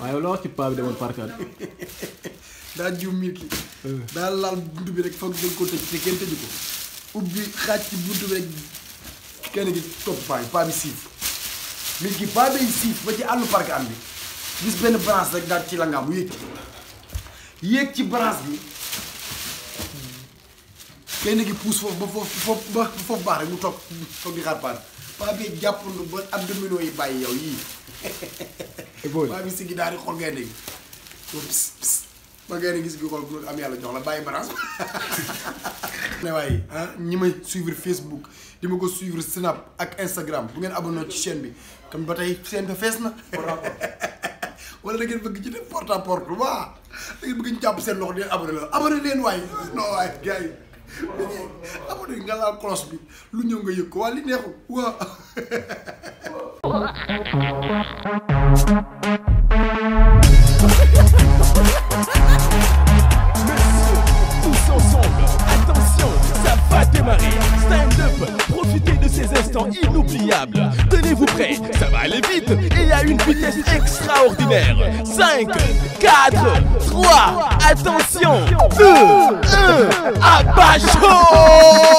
waaye loo la wax ci paa bi demoon daa jiw miir daa laal buntu bi rek foog jël ko tëj te kenn tëju ko ubbi xaaj ci buntu bi rek kenn gi topp paa siif miir ki siif ba ci àllu parkaat bi gis benn branche rek daal ci langaam yéeg ci branche bi kenn gi puus foofu ba foofu baax rek mu toog foog di xaar paa bi paa bi ba abdominaux yi bàyyi yow yii maa eh, ngi siggi daal di xool gaynde gi ba gaynde gi siggi xool ku am yàlla jox la bàyyi ah, facebook di ma ko suivre snap ak instagram bu ngeen abonné ci chaîne bi comme ba tey chaîne ba fees na wala da ngeen bëgg ci def porte à porte waa da ngeen bëgg ñu jàpp seen loxo di abonné la abonné leen waaye non waaye gars abonné nga laal cloche bi lu ñëw nga yëg ko li neexu waa démarrer. Stand up, profitez de ces instants inoubliables. Tenez-vous prêts, ça va aller vite et à une vitesse extraordinaire. 5, 4, 3, attention, 2, 1, abat